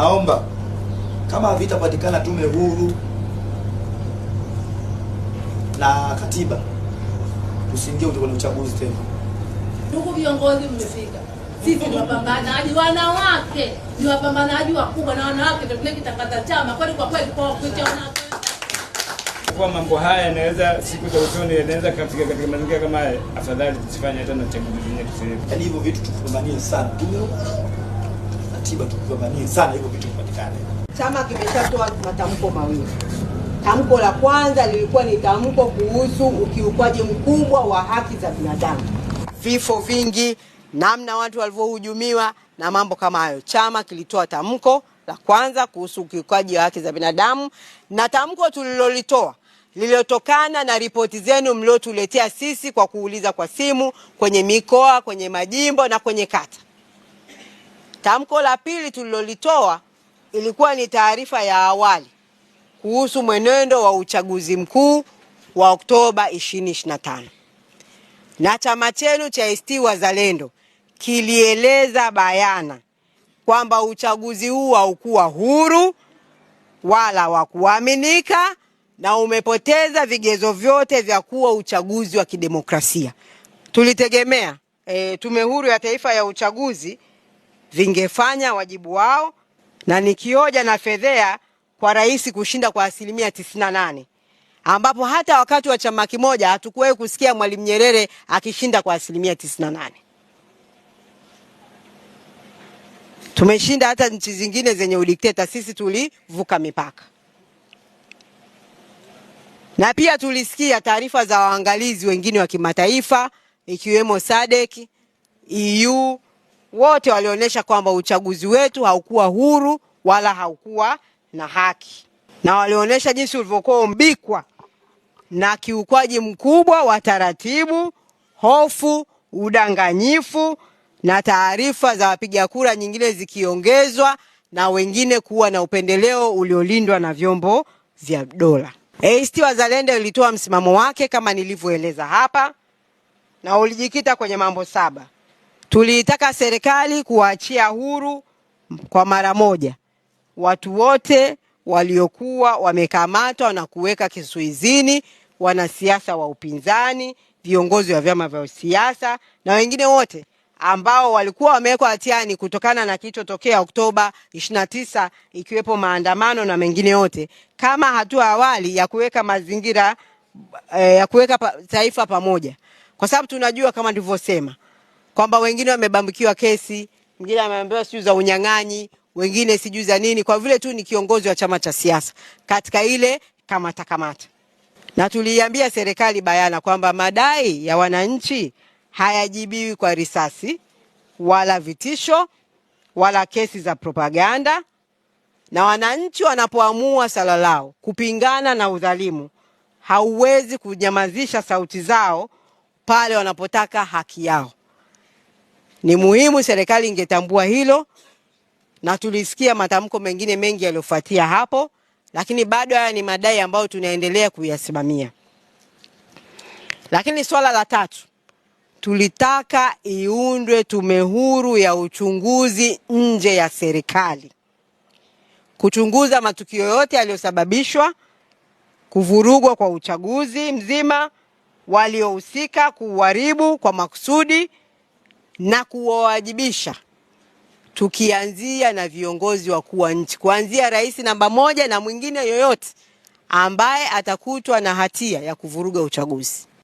naomba kama havitapatikana tume huru na katiba, tusiingie kwenye uchaguzi tena. Ndugu viongozi, mmefika. Sisi ni wapambanaji, wanawake ni wapambanaji wakubwa, na wanawake ndio tunakitangaza chama kweli kwa kweli, kwa kuitia wanawake kwa mambo haya yanaweza siku za usoni yanaweza kafika katika mazingira kama haya. Afadhali tusifanye hata na chaguzi zenyewe, tuseme hivyo vitu, tupambanie sana katiba tuvivamanie sana hivyo vitu vipatikane. Chama kimeshatoa matamko mawili. Tamko la kwanza lilikuwa ni tamko kuhusu ukiukwaji mkubwa wa haki za binadamu, vifo vingi, namna watu walivyohujumiwa na mambo kama hayo. Chama kilitoa tamko la kwanza kuhusu ukiukaji wa haki za binadamu, na tamko tulilolitoa lililotokana na ripoti zenu mliotuletea sisi kwa kuuliza kwa simu kwenye mikoa, kwenye majimbo na kwenye kata. Tamko la pili tulilolitoa ilikuwa ni taarifa ya awali kuhusu mwenendo wa uchaguzi mkuu wa Oktoba 2025 na chama chenu cha ACT Wazalendo kilieleza bayana kwamba uchaguzi huu haukuwa huru wala wa kuaminika na umepoteza vigezo vyote vya kuwa uchaguzi wa kidemokrasia. Tulitegemea e, Tume Huru ya Taifa ya Uchaguzi vingefanya wajibu wao, na nikioja na fedhea kwa rais kushinda kwa asilimia tisini na nane ambapo hata wakati wa chama kimoja hatukuwahi kusikia Mwalimu Nyerere akishinda kwa asilimia tisini na nane. Tumeshinda hata nchi zingine zenye udikteta, sisi tulivuka mipaka. Na pia tulisikia taarifa za waangalizi wengine wa kimataifa ikiwemo SADC, EU wote walionyesha kwamba uchaguzi wetu haukuwa huru wala haukuwa na haki, na walionyesha jinsi ulivyokuwa umbikwa na kiukwaji mkubwa wa taratibu, hofu, udanganyifu na taarifa za wapiga kura nyingine zikiongezwa na wengine kuwa na upendeleo uliolindwa na vyombo vya dola. ACT Wazalendo ilitoa msimamo wake kama nilivyoeleza hapa na ulijikita kwenye mambo saba. Tuliitaka serikali kuwaachia huru kwa mara moja watu wote waliokuwa wamekamatwa na kuweka kizuizini, wanasiasa wa upinzani, viongozi wa vyama vya siasa na wengine wote ambao walikuwa wamewekwa hatiani kutokana na kilichotokea Oktoba 29 ikiwepo maandamano na mengine yote, kama hatua awali ya kuweka mazingira eh, ya kuweka taifa pamoja, kwa sababu tunajua kama nilivyosema kwamba wengine wamebambikiwa kesi, mwingine ameambiwa sijui za unyang'anyi, wengine sijui za nini, kwa vile tu ni kiongozi wa chama cha siasa katika ile kamata kamata. Na tuliiambia serikali bayana kwamba madai ya wananchi hayajibiwi kwa risasi wala vitisho wala kesi za propaganda, na wananchi wanapoamua sala lao kupingana na udhalimu, hauwezi kunyamazisha sauti zao pale wanapotaka haki yao. Ni muhimu serikali ingetambua hilo, na tulisikia matamko mengine mengi yaliyofuatia hapo, lakini bado haya ni madai ambayo tunaendelea kuyasimamia. Lakini swala la tatu, tulitaka iundwe tume huru ya uchunguzi nje ya serikali kuchunguza matukio yote yaliyosababishwa kuvurugwa kwa uchaguzi mzima, waliohusika kuuharibu kwa makusudi na kuwawajibisha tukianzia na viongozi wakuu wa nchi kuanzia rais namba moja na mwingine yoyote ambaye atakutwa na hatia ya kuvuruga uchaguzi.